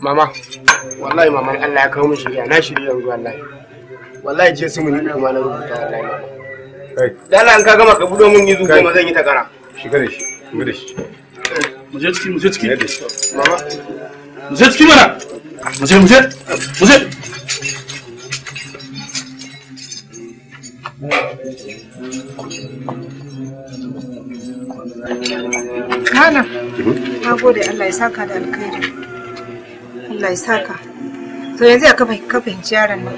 mama wallahi mama Allah ya kawo mu shirya na shirya yanzu wallahi wallahi je su mun yi kuma na rubuta wallahi kai dala an ka gama ka budo mun yizu kuma zan yi ta kara shiga da shi shiga da shi mu je ciki mu je ciki mama mu je ciki mana mu je mu je mu je na gode Allah ya saka da alkhairi. Allah ya saka. To yanzu ya kafa kafin yaron nan.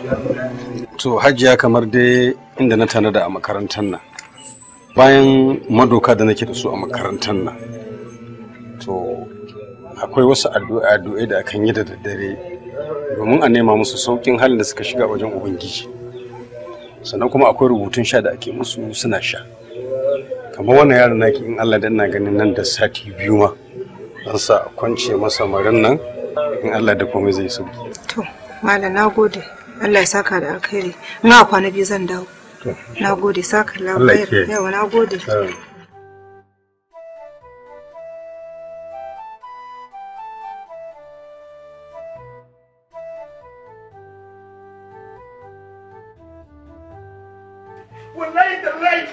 To hajiya kamar dai inda na da a makarantar nan. Bayan madoka da nake da su a makarantar nan. To akwai wasu addu'a-addu'a da akan yi da daddare domin a nema musu sauƙin halin da suka shiga wajen Ubangiji. Sannan kuma akwai rubutun sha da ake musu suna sha. Kamar wannan yaron naki in Allah da na ganin nan da sati biyu ma. An sa kwance masa marin nan in Allah da komai zai so to na nagode Allah ya saka da alkhairi ina kwana biyu zan dawo nagode saka lafiya yawa nagode wallahi tallahi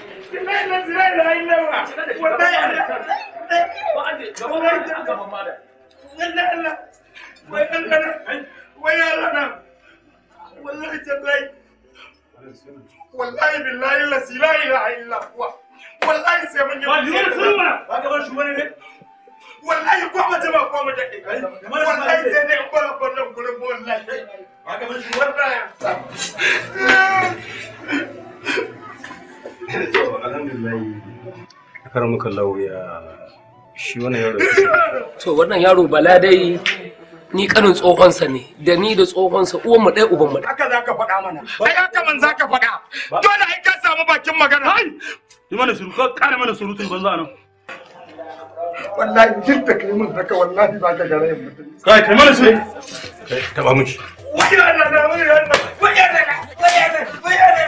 wa wallahi Allah wai dan kana wai yara na wallahi tallahi wallahi billahi la ilaha illa huwa wallahi sai mun yi ba ni wani sunna ba ka shi wani ne wallahi ko mace ba ko mace wallahi sai ko na kwallon gurin wallahi ba ka shi wannan alhamdulillah kar muka lauya shi wannan yaro to wannan yaro bala dai ni kanin tsohonsa ne da ni da tsohonsa uwan mu ɗaya uban mu haka zaka faɗa mana ai haka man zaka faɗa dole ai ka samu bakin magana ai yi mana shiru ka kare mana surutun banza nan wallahi duk kai mun haka wallahi ba ka gare mu kai kai mana shiru kai taba mun shi wai Allah na wai Allah wai Allah wai Allah wai Allah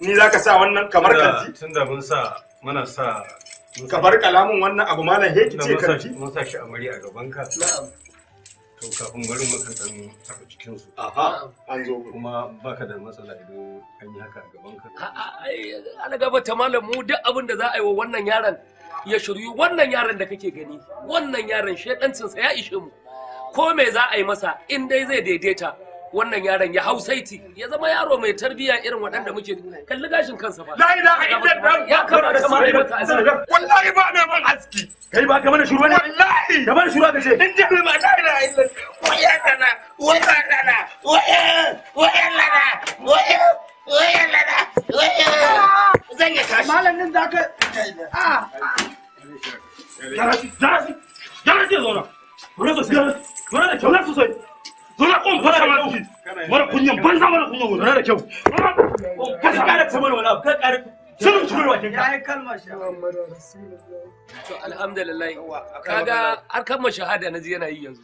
ni za ka sa wannan kamar kanti tunda mun sa muna sa ka bar kalamin wannan abu malam heki ce kanti mun sa shi mari a gaban ka to kafin barin maka dan tafi cikin su aha an zo kuma baka da matsala idan an yi haka a gaban ka An ana gaba ta malam mu duk abin da za a yi wa wannan yaron ya shiryu wannan yaron da kake gani wannan yaron shedancin sa ya ishe mu ko me za a yi masa in dai zai daidaita wannan yaron ya hausaiti ya zama yaro mai tarbiyya irin waɗanda muke kalli gashin kansa ba la ilaha illallah ya kamata ma ne mata azumi wallahi ba na man aski kai ba kamar shuru ne wallahi da ban shuru kace in ji ba la ilaha illallah waya kana waya kana waya waya lana waya waya lana waya zan ya kashi malamin da ka a kunyan banza mana kunyan da kyau. Ka ka ƙara ta wani abu, ka ƙara Sunan sunan wa kinka. Yayi kalma shahada. alhamdulillah. Kaga har kalmar shahada na ji yana yi yanzu.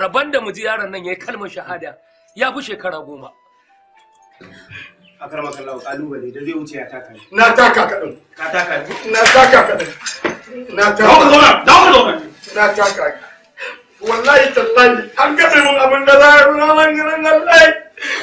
Rabon da mu yaron nan yayi kalmar shahada ya fi shekara goma. Akar makallahu kalubale da zai wuce ya taka. Na taka kaɗan. Ka taka. Na taka kaɗan. Na taka. Dawo zauna, dawo zauna. Na taka. Wallahi tallahi an gaɗe mun abin da za a yi ranar ranar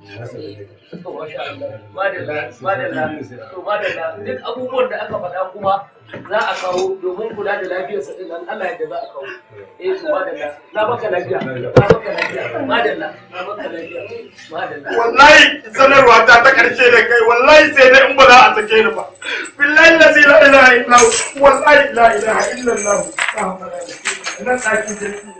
duk abubuwan da aka faɗa kuma za a kawo domin kula da lafiyar sa din Allah yadda za a kawo eh madalla na baka lafiya na baka lafiya madalla na baka lafiya madalla wallahi sanarwa ta ta karshe da kai wallahi sai dai in ba za a take ni ba billahi la ilaha illa wallahi la ilaha illa